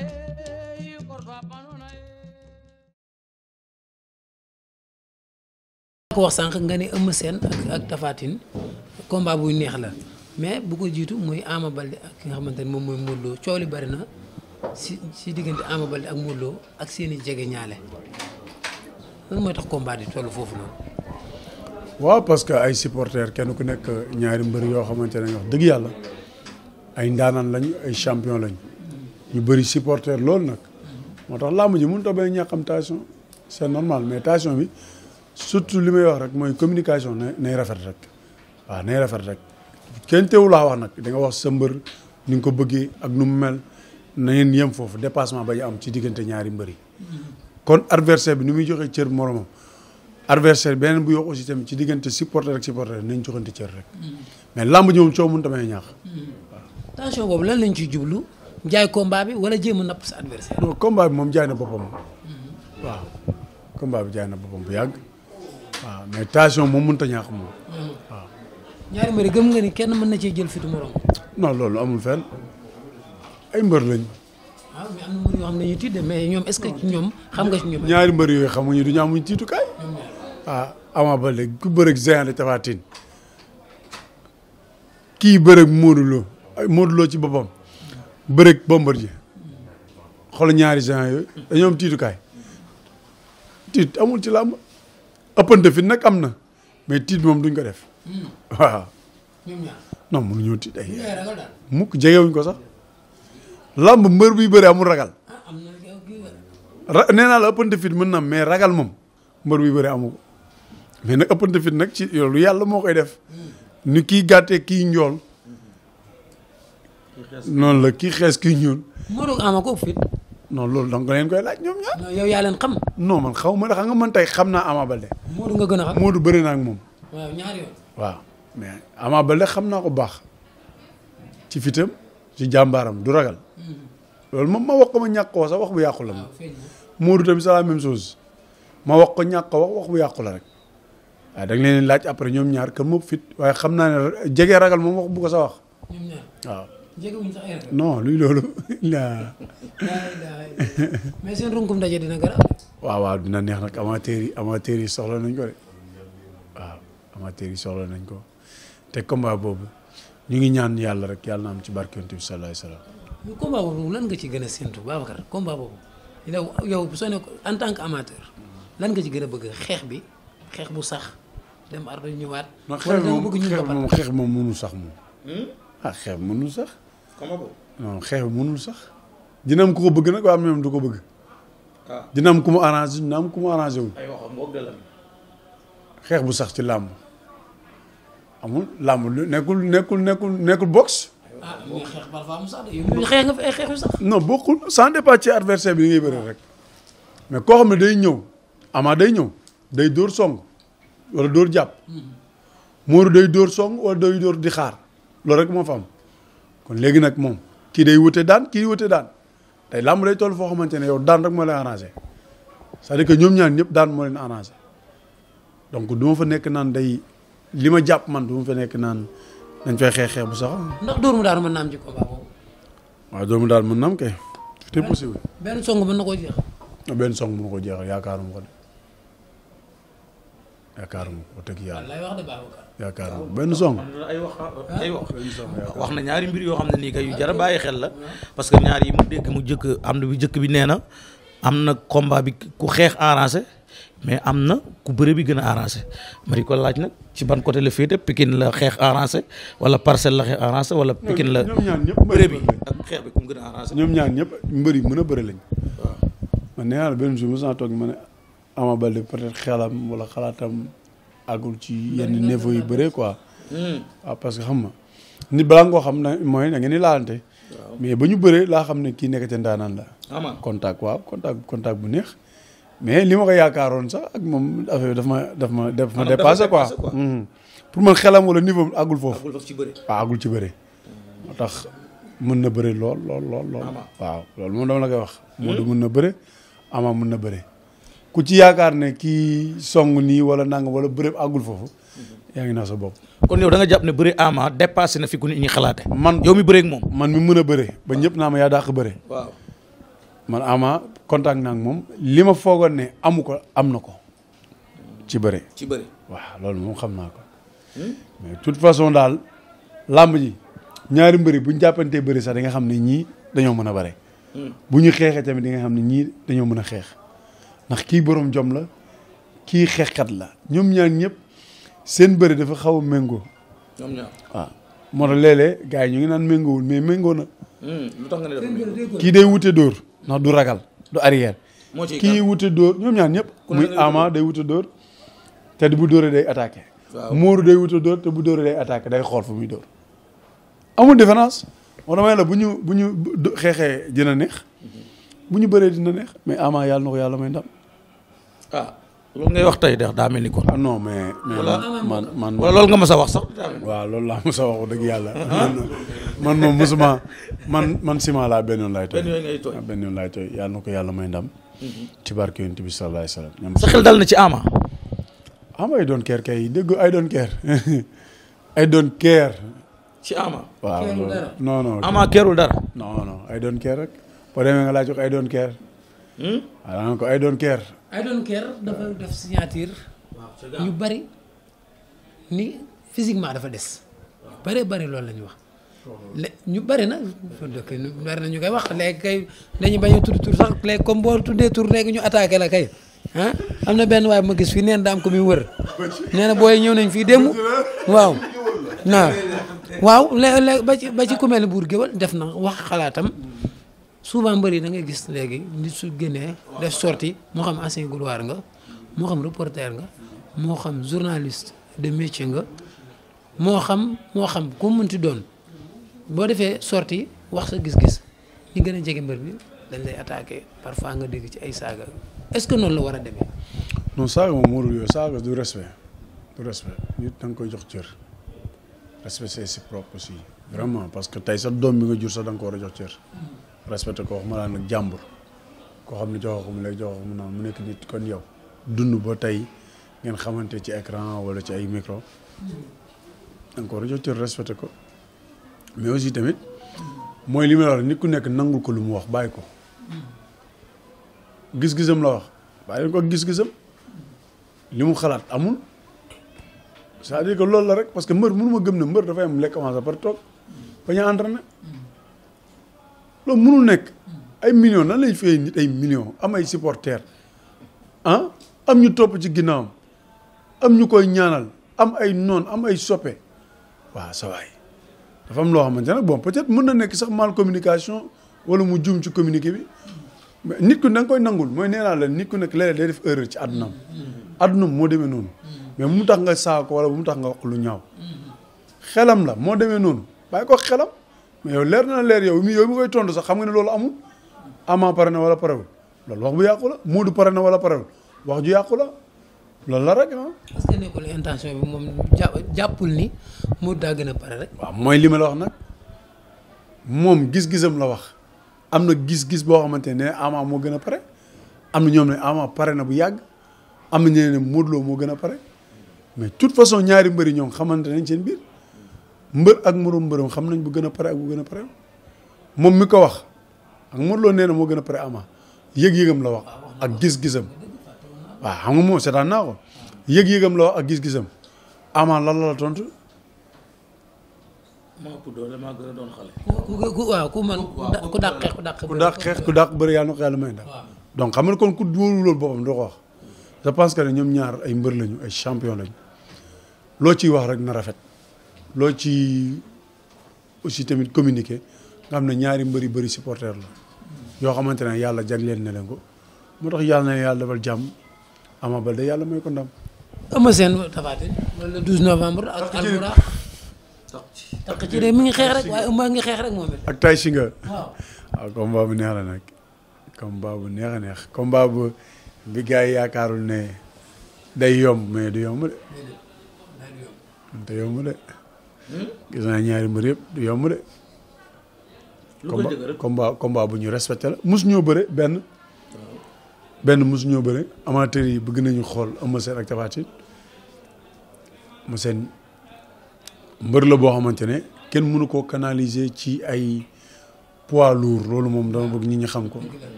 naye ko wax sànq nga ne Eumeu seen ak tafaatin Tapha buy neex la mais bu ko jiitu muy Ama Baldé ak ki nga xamante ne moom mooy Modou Lo coow li bari na si si diggante Ama Baldé ak Modou ak seeni jege ñaale lan mooy tax combat di toll foofu noonu. waaw parce que ay supporters kenn ku nekk ñaari mbër yoo xamante ne wax dëgg yàlla ay ndaanaan lañ ay champion lañ ñu bëri supporter loolu nag moo tax làmb ji mun a bañ ñàkk am tension c'est normal mais tension bi surtout li may wax rek mooy communication na nay rafet rek waaw nay rafet rek kenn teewu laa wax nag da nga wax sa mbër ni nga ko bëggee ak nu mu mel na ngeen yem foofu dépassement ba ñu am ci diggante ñaari mbër kon adversaire bi ni muy joxee cër moromam adversaire benn bu yokk aussi tamit ci diggante supporter ak supporter nañ joxante cër rek mais làmb ji moom coow mënut a ñax a ñàkk waaw. tension boobu ciy jublu. jaay combat bi wala jéem napp sa adversaire. non combat moom jaay na boppam. Mm-hmm. waaw combat bi jaay na boppam bu yàgg. mais tension moom mënut a ñàkk moom. Mm-hmm. ñaari mbër gëm kenn mën na cee jël fitu morom. non loolu ah, na mbër yoo xam ne ñu tiit mais ñoom est-ce que ñoom xam nga ñaari mbër yooyu xamuñu du ñu amuñ tiitukaay. ah Ama Baldé ku bëreeg Géant de Tapha Tine kii bëreeg Modou Lo ci boppam. bëreeg ji xool ñaari gens yooyu dañoo am tiitukaay tiit amul ci làmb ëppante fi nag am na mais tiit moom duñ ko def waaw. non mënuñoo tiit ay mukk jegewuñ ko sax làmb mbër buy bëri amul ragal ra nee naa la ëppante fit mën na mais ragal moom mbër buy bëri amu ko mais nag ëppante fit nag ci loolu yàlla moo koy def ni kii gàttee kii njool. noonu la kii xees kii ñuul. Modou Ama ko fit. non loolu da nga leen koy laaj ñoom ñaar. non xam. non man xaw ma xam nga man tey xam naa Ama Balde. Modou nga gën a xam Modou bëri na ak moom. waaw ñaar Ama Balde xam naa ko baax ci fitam ci jàmbaaram du ragal. loolu moom ma wax ko ma ñàkk ko sax wax bu yàqu la ma. Ah, Modou tamit c'est la même ma wax ko ñàkk wax wax bu yàqu la rek. waaw da nga leen laaj après ñoom ñaar kan moo fit waaye xam naa ne jege ragal moom wax bu ko sa wax. jegewuñ sax non luy loolu. mais seen runkum daje dina gën a. waaw waaw dina neex nag amateurs yi amateurs yi soxla nañ ko de waaw amateurs yi soxla nañ ko te combat boobu ñu ngi ñaan yàlla rek yàlla na am ci barke Yonent bi sallallahu alayhi wasallam. mais boobu lan nga ci gën a séntu Babacar combat boobu yow yow soo ne en tant que amateur lan nga ci gën a bëgg xeex bi xeex bu sax dem ardo ñëwaat. wala xeex moom xeex sax moom. Hmm? ah xeex mënu sax. comment boobu. xeex bi munul sax. dinam am ko bëgg nag waaye moom du ko bëgg. waaw ah. dina am ku mu arrangé dina am ku mu arrangé wu. ay waxam boog de xeex bu sax ci làmb. amul làmb lu nekkul nekkul nekkul nekkul box. ah ñun xeex bala sax de xeex nga fi ay xeexu sax. non bokkul départ ci adversaire bi ni ngay bëri rek. mais koo xam ne day ñëw Ama day ñëw day dóor song wala dóor jàpp. Hmm. Mooru day dóor song wala day dóor di xaar loolu rek moo fa am. kon léegi nag moom kii day wute daan kii wute daan tey làmb day toll foo xamante ne yow daan rek moo lay arrangé c'est-à-dire que ñoom ñaan ñëpp daan moo leen arrangé donc du fa nekk naan day li ma jàpp man du ma fa nekk naan dañ fay xeex xeex bu sax. ndax dóor mu daal mën na am ci combat boobu. mu daal mën na am kay. tout est possible. benn song mën na koo jeexal. benn song mën na koo jeexal yaakaaruma ko yaakaaruma ko teg yàlla yaakaaruma benn song ay wax na ñaari mbir yoo xam ne nii kay yu jar a bàyyi xel la parce que ñaar yi mu dégg mu jëkk am na bu jëkk bi nee na am na combat bi ku xeex arrangé mais am na ku bëre bi gën a arrangé mari ko laaj nag ci ban côté la féete Pikine la xeex arrangé wala parcelle la xeex arrangé wala Pikine la bëre bi ak xeex bi ku mu gën a arrangé ñoom ñaan ñëpp mbër yi mën a bëri lañ waaw man benn jour ma toog ma Ama Baldé peut-être xelam wala xalaatam àggul ci yenn niveau yu bëree quoi. Hmm. Ah, parce que xam nga nit balaa nga xam na mooy da ngeen laalante. mais ba ñu bëree laa xam ne kii nekk te ndaanaan la. contact waaw contact bu neex. mais li ma ko yaakaaroon sax ak moom affaire daf ma daf ma daf ma dépassé quoi. Hmm. pour man xelam wala niveau àggul foofu. àggul ci bëre waaw ah, ci bëre. tax mën na bëre lool lool lool loolu moom dama la koy wax. Modou hmm. mën na bëre Ama mun na bëre. ku ci yaakaar ne kii song nii wala nangam wala bërëb agul foofu mhm. yaa ngi naa sa bopp. kon yow da jàpp ne bëre Ama dépassé na fi ku nit ñi xalaate man yow mi bëree ak moom. man mi mën a bëre ba ñëpp naa ma yaa dàq bëre. waaw man Ama contact naa moom lima ma foogoon ne amu ko am na ko. ci bëre ci loolu moom xam naa ko. Hmm? mais toute façon daal làmb ji ñaari mbëri bu ñu jàppantee bëri sax di nga xam ne ñii dañoo mën a bëre. Hmm. bu ñu xeexee tamit di nga xam ne ñii dañoo mën a xeex. ndax kii boroom jom la kii xeexkat la ñoom ñaar ñëpp seen bëri dafa xaw a méngoo. ñoom ñaar waaw moo tax léeg-léeg yi ñu ngi naan méngoowul mais méngoo na. Hmm, lu tax kii day wute dóor ndax du ragal du arrière. moo ciy kii wute dóor ñoom ñaar ñëpp. muy ama day wute dóor te bu dóoree day attaqué. waaw mooru day wute dóor te bu dóoree day attaqué day xool fu muy dóor. amul différence moo tax la bu ñu bu ñu xeexee dina neex. Mhm. bu ñu bëree dina neex mais Ama yàlla na ko yàlla may ndam. Ah, ngay wax tey de daa mel ni kon. ah non mais. voilà man man nga mës a wax sax. waaw loolu laa mës dëgg yàlla. Ah. man moom mosuma man man ciment laa benn yoon laay tooy. Ah, yàlla na ko yàlla may ndam. Mhm. ci barke yonent bi sallallahu dal na ci Ama. Ama dégg ay doon keer ay doon keer. ci Ama. waaw non non. keerul dara. non non ay doon keer rek. boo demee nga laaj hmm? ko I don't care. I don't care. dafa def signature. ñu bari ni physiquement dafa des. bari bari loolu ñu wax. ñu bari na bari na ñu koy wax léegi kay dañu bañ a tudd tur sax léegi comme boo tuddee tur léegi ñu attaqué la kay am na benn waay bu ma gis fii neen daam ko wër nee na ñëw nañ fii démb waaw waaw waaw léeg-léeg ba ci ba ci ku def na wax xalaatam souvent mbër yi da ngay gis léegi nit su génnee def sorti moo xam ancien gloire nga moo xam reporter nga moo xam journaliste de métier nga moo xam moo xam ku mënti doon boo defee sorti wax sa gis-gis ñi gën a jege mbër bi dañ lay attaqué parfois nga dégg ci ay saaga est-ce que noonu la war a demee. non saaga moom moo dul yooyu saaga du respect du respect nit da nga koy jox cër respect c'est propre aussi vraiment parce que tey sa doom bi nga jur sax da ko a jox respecté ko waxuma laa nag jàmbur koo xam ne joxoo ko mu lay joxoo ko mu nekk nit kon yow dund ba tey ngeen xamante ci écran wala ci ay micro danga ko war a ko mais aussi tamit mooy li may wax nit ku nekk nangul ko lu mu wax bàyyi ko gis-gisam la wax bàyyi leen ko gis-gisam li mu xalaat amul c'est-à-dire que la rek parce que mbër mënu gëm ne mbër dafay am lekk commencé par toog bañ a entraîné loolu mënul nekk ay million nan lay fay nit ay millions am ay supporters ah am ñu topp ci ginnaawam am ñu koy ñaanal am ay noon am ay soppe waa sa waay dafa am loo xamante ne boo peut-être mën na nekk sax mal communication wala mu juum ci communique bi nit ku da koy nangul mooy nee naa ku nekk léeg-léeg day def erreur ci àddunaam àddunaam moo demee noonu mais bu mu tax nga saako wala bu mu tax nga wax lu ñaaw xelam la moo demee noonu bàyyi ko xelam. mais yow leer na leer yow yow mi koy tontu sax xam nga ne loolu amul Ama pare na wala parewul loolu wax bu yàqu la Moodu pare na wala parewul wax ju yàqu la loolu la rek ah. est-ce que nekkul intention bi moom jàppul ni Moodu daa gën a pare rek. waaw mooy li ma la wax nag moom gis-gisam la wax am na gis-gis boo xamante ne Ama moo gën a pare am na ñoom ne Ama pare na bu yàgg am na ñeneen ne moo gën a pare mais tout façon ñaari mbëri ñoom xamante nañ seen biir. mbër ak moroom mbërëm xam nañ bu gën a pare ak bu gën a pare moom mi ko wax ak Modou Lo nee na moo gën a pare ama yëg-yëgam la wax ak gis-gisam waaw xam nga moom yëg-yëgam la ak gis-gisam ama lan la la tontu. maa ëpp ku ku waaw ku man ku dàq xeex ku dàq. ku dàq xeex ku dàq bëri yàlla na ko yàlla may ndax. donc xam nga kon ku wóolu loolu boppam doo ko wax. je pense que ne ñoom ñaar ay mbër lañu ay champion lañu loo ciy wax rek na rafet. loo ci aussi tamit communiqué nga na ne ñaari mbëri bëri supporter la yoo xamante ne yàlla jagleel na leen moo tax yàlla na yàlla defal jàmm Ama Baldé yàlla may ko ndam. Eumeu Sène Tapha Tine le 12 novembre. ak ngi xeex moom it. ak Tay Shinger. waaw waaw ah, combat bu neex la nag combat bu neex neex combat bu bi gars yi yaakaarul ne day yomb mais du yomb de. day yomb de. gis naa ñaari mbër yëpp du yomb de. lu combat bu ñu respecté la mus ñoo bëre benn. benn mus ñoo bëre amateur yi bëgg nañu xool Eumeu Sène ak Tapha Tine mbër la boo xamante ne kenn mënu koo canaliser ci ay poids lourd loolu moom dama bëgg ñi ñi xam ko.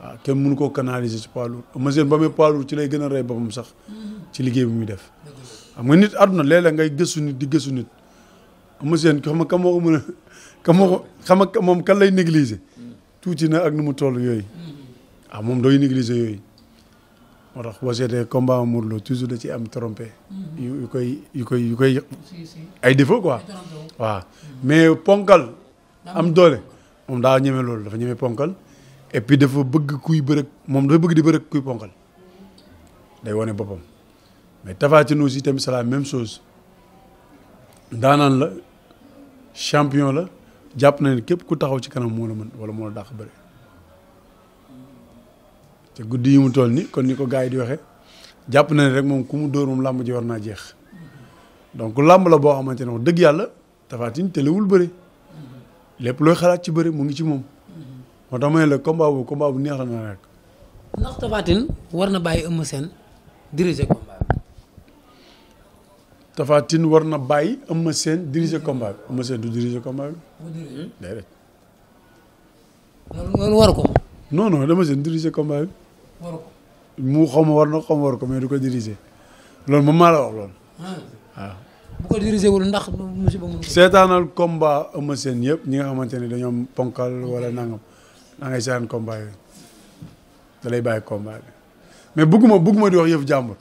waaw kenn mënu koo canaliser ci poids lourd Eumeu Sène ba ci lay gën a rey boppam sax. Mhm. ci liggéey bu muy def. xam nga nit àdduna léeg ngay gëstu nit di gëstu nit. monsieur xam nga kam moo ko kam moom kan lay négliger tuuti na ak nu mu toll yooyu ah moom dooy négliger yooyu moo tax boo seetee combat Modou Lo toujours da ci am trompé mm-hmm. yu koy yu koy yu koy ay défaut quoi waaw mais ponkal am doole moom daa ñeme loolu dafa ñeme ponkal et puis dafa bëgg kuy bërëg moom dafa bëgg di bërëg kuy ponkal day wane boppam mais Tapha Tine aussi tamit c'est la même chose champion la jàpp na ne képp ku taxaw ci kanam moo la mën wala moo la dàq bëre te guddi yi mu toll ni kon ni ko gars yi di waxee jàpp na rek moom ku mu dóor moom làmb ji war naa jeex donc làmb la boo xamante ne wax dëgg yàlla Tapha Tine telewul bari lépp looy xalaat ci bëre mu ngi ci moom moo tax ma ne la combat bu combat bu neex la na rek. ndax Tapha war na bàyyi Eumeu Sène diriger ko. Tapha Tine war na bàyyi Eumeu Sène diriger combat bi Eumeu du diriger combat bi. déedéet. loolu waru ko. non non Eumeu Sène diriger combat bi. waru mu xaw ma war na xaw ma ko mais du ko diriger loolu moom maa la wax loolu. Ah. waaw. bu ko diriger wul ndax musiba seetaanal combat yëpp ñi nga xamante ne dañoo ponkal wala nangam da ngay seetaan combat yooyu da lay bàyyi combat mais bëgguma bëgguma di wax yëf jàmbur.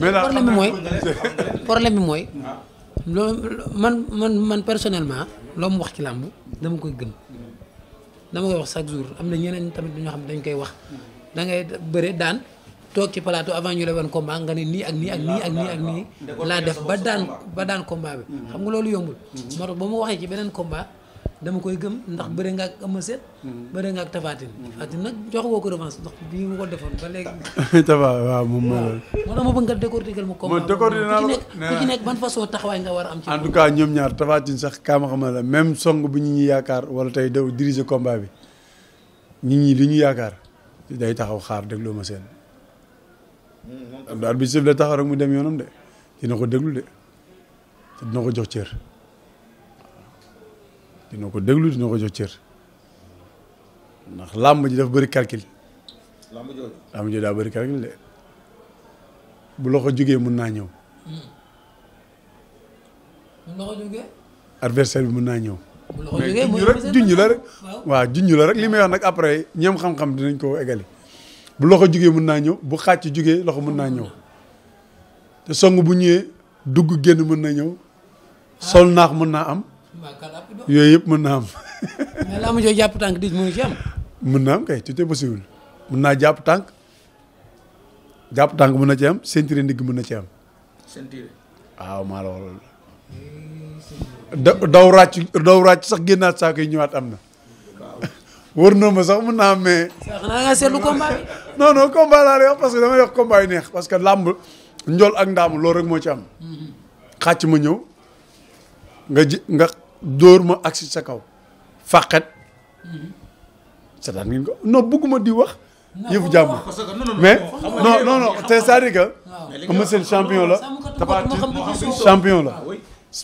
mais daal bi mooy problème bi mooy. Ah. loolu man man man personnellement loo mu wax ci làmb dama koy gëm dama koy wax chaque jour am na ñeneen tamit ñoo xam ne dañ koy wax da ngay bëre daan toog ci plateau avant ñu la woon combat nga ne nii ak nii ak nii ak nii ak nii laa def ba daan ba daan combat bi. xam nga loolu yombul. Mm-hmm. moo tax ba mu waxee ci beneen combat. dama koy gëm ndax bëre nga ak Eumeu Sène. Mm-hmm. bëre nga ak Tapha Tine. Mm-hmm. ko revanche ndax mu ko defoon ba léegi. Tapha waaw moom ma bëgg nga décortiquer ma. ma décortiquer naa nga war a am. en tout cas ñoom ñaar Tapha Tine sax kaa ma xamal la song bu ñu yaakaar wala tey daw diriger combat bi nit ñi li ñu yaakaar day taxaw xaar déglu Eumeu mm-hmm. daal bi sëf taxaw rek mu dem yoonam de dina ko déglu de dina ko jox cër. dina déglu dina ko jox cër ndax làmb ji dafa bëri calcul. làmb daa bëri calcul de bu loxo jógee mun naa ñëw. bu hmm. bi mën naa ñëw. mais junj rek junj la rek. waaw junj la rek li may wax nag après ñoom xam-xam dinañ ko eggale bu loxo jógee mun naa ñëw bu xàcc jógee loxo mën naa ñëw te song bu ñëwee dugg génn mën na ñëw. sol naax mën naa am. yooyu yëpp mën naa am. mais laa ma jàpp tànk diis mënu ci am. mën naa am possible mën naa jàpp tànk jàpp tànk mën na ci am ceinture ndigg mën na ci am. ceinture. waaw maa daw ràcc sax génnaat saako yi ñëwaat am na. wër na sax mën naam am mais. nga seetlu combat bi. non damay wax neex parce que làmb njool ak ndaam loolu rek moo ci am. Mm-hmm. xàcc ma ñëw nga. dóor ma agsi sa kaw fàqet mm-hmm. seetaan ngeen ko non bëgguma di wax yëfu jàmm mais non non non te c'est-à-dire que Eumeu Sène champion la Tapha Tine champion la ah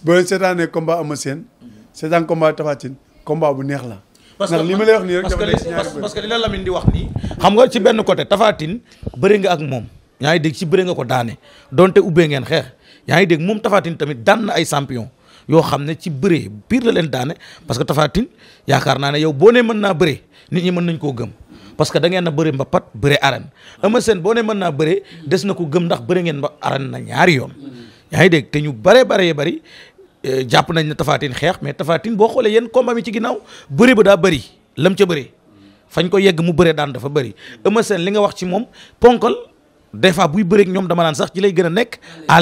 boo leen seetaanee combat Eumeu Sène seetaan combat Tapha Tine combat bu neex la parce que li wax nii rek dafa parce que la Lamine di wax nii. nga ci benn côté Tapha Tine bëri nga ak moom yaa ngi dégg ci bëri nga ko daane donte ubbee ngeen xeex yaa ngi dégg moom tafaatin tamit daan na ay champion yoo xam ne ci bëree pire la leen daane parce que Tapha Tine yaakaar naa ne yow boo nee mën naa bëree nit ñi mën nañ koo gëm parce que da ngeen na bëri mbapat bëri arène Eumeu Sène boo nee mën naa bëree des na ko gëm ndax bëri ngeen ba arène na ñaari yoon yaa ngi dégg te ñu bare bare bari eh, jàpp nañ ne Tapha xeex mais Tapha boo xoolee yenn komba mi ci ginnaaw bëri ba daa bëri lam ca bëri fañ ko yegg mu bëre daan dafa bëri Eumeu seen li nga wax ci moom ponkal des fois buy bëreeg ñoom dama naan sax ci lay gën a nekk à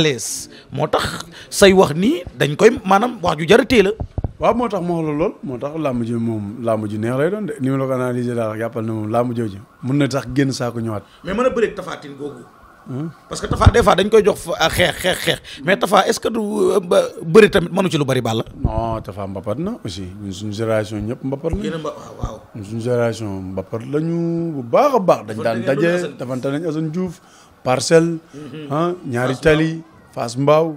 moo tax say wax nii dañ koy maanaam wax ju jar a tee la. waaw moo tax ma wax moo tax làmb ji moom làmb ji neex lay doon de ni ma la ko analysé daal yàppal na moom làmb jooju na tax génn saako ñëwaat. mais man a bëreeg tafaatin googu. Hmm? parce que Tafa des fois dañ koy jox xeex xeex xeex mais Tafa est-ce que du euh, bëri tamit mënu ci lu bari Balla. non Tafa mbapat na aussi ñun suñu génération ñëpp mbapat la. waaw waaw. ñun suñu génération mbapat lañu bu baax a baax. dañ daan daje defante nañ Assane Diouf. parcelle mhm. ah ñaari tali fas Mbao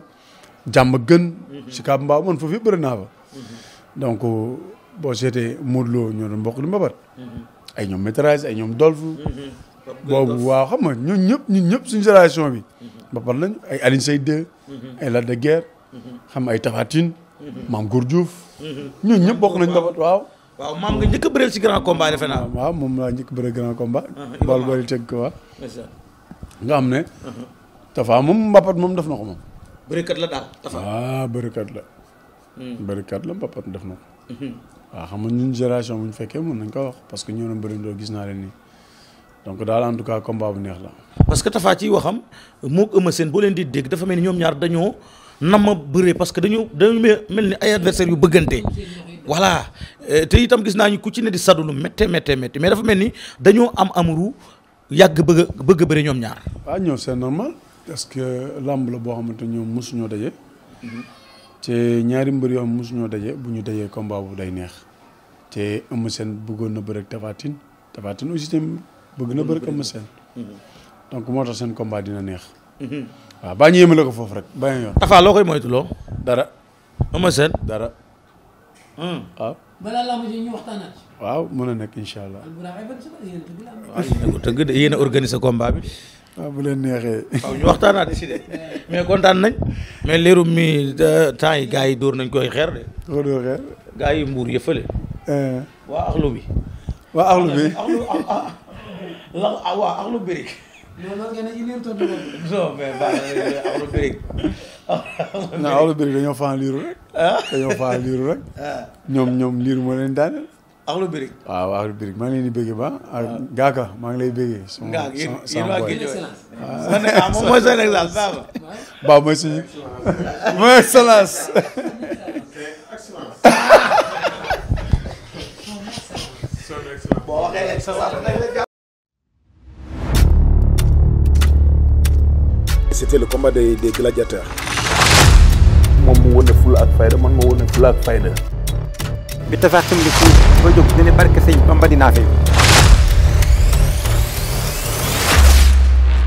jàmm gën mhm. Sicap Mbao man foofu yëpp bëri naa fa mhm. donc euh, boo seetee Modou Lo ñoo doon bokk mbabat ay ñoom métrage ay ñoom dolf boobu waaw xam nga ñun ñëpp ñun ñëpp suñu génération bi mbapat lañ ay ay Lac de Guiers xam ay Tapha Tine maam ñëpp bokk nañ mbapat waaw waaw maam nga njëkk a bëreel ci grand combat defe naa waaw moom grand combat ah, bool bool teg ko waaw nga xam ne. Tafa moom Mbapat moom def na ko moom. bërikat la daal Tafa. waaw ah, bërikat la. Hmm. bërikat la Mbapat def na ko. Hmm. waaw xam nga ñun génération bu ñu fekkee mën nañ ko wax parce que ñoo bëri doo gis naa leen nii donc daal en tout cas combat bu neex la. parce que Tafa ci waxam moog Eumeu Sène boo leen di dégg dafa mel ni ñoom ñaar dañoo nam ma bëree parce que dañu dañu mel ni ay adversaires yu bëggante. voilà euh, te itam gis naa ñu ku ci ne di saddu lu méttee méttee méttee mais dafa mel ni dañoo am amuru yàgg bëgg bëgg bëri ñoom ñaar. ah ñoo c'est normal parce que làmb la boo xamante ñoom mosuñoo daje. Mm-hmm. te ñaari mbër yoo xam mosuñoo daje bu ñu dajee combat bu day neex. te Eumeu Sène bëggoon na bëri ak Tapha Tine Tapha Tine bëgg na bëri ak Eumeu mm-hmm. donc moo tax seen combat dina neex. Mm-hmm. waaw baa ñu yemale ko foofu rek baa yoon. Tapha loo koy moytuloo. dara. Eumeu Sène dara. Mm. Ah. balaa làmb ji ñu waxtaanaat. waaw mën a nekk incha allah. waaw tëgg de yéen a organiser bi. waaw bu leen neexee. ñu waxtaanaat si de mais kontaan nañ. mais Leeru mi euh, temps yi gars yi dóor nañ koy xeer de. dóor nañ xeer. yi mbuur yëfale. Eh. waa axlu bi. Euh, birig. dañoo faa liiru rek. Ah. Ah. ñoom ñoom liiru moo leen daaneel. axlu birig waaw axlu birig maa ngi leen di bëgg ba ak gaaka maa ngi lay bëggee sama sama boy ah. ah moom mooy son excellence baba baba mooy suñu mooy excellence boo waxee excellence c'était le combat des des gladiateurs moom mu wane fula ak fayda man ma wane fula ak fayda bi tafaaxum li suuf ba jóg dina barke sëñ Bamba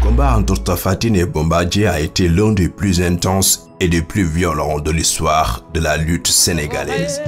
combat entre Tapha et Bombardier a été l'un des plus intenses et des plus violents de l'histoire de la lutte sénégalaise.